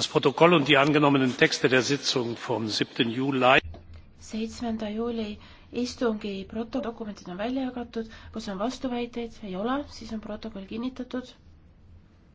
das protokoll und die angenommenen texte der sitzung vom. 7. juli juuli istungi protokolldokumendid on välja jagatud kas on vastuväiteid ei ole siis on protokoll kinnitatud.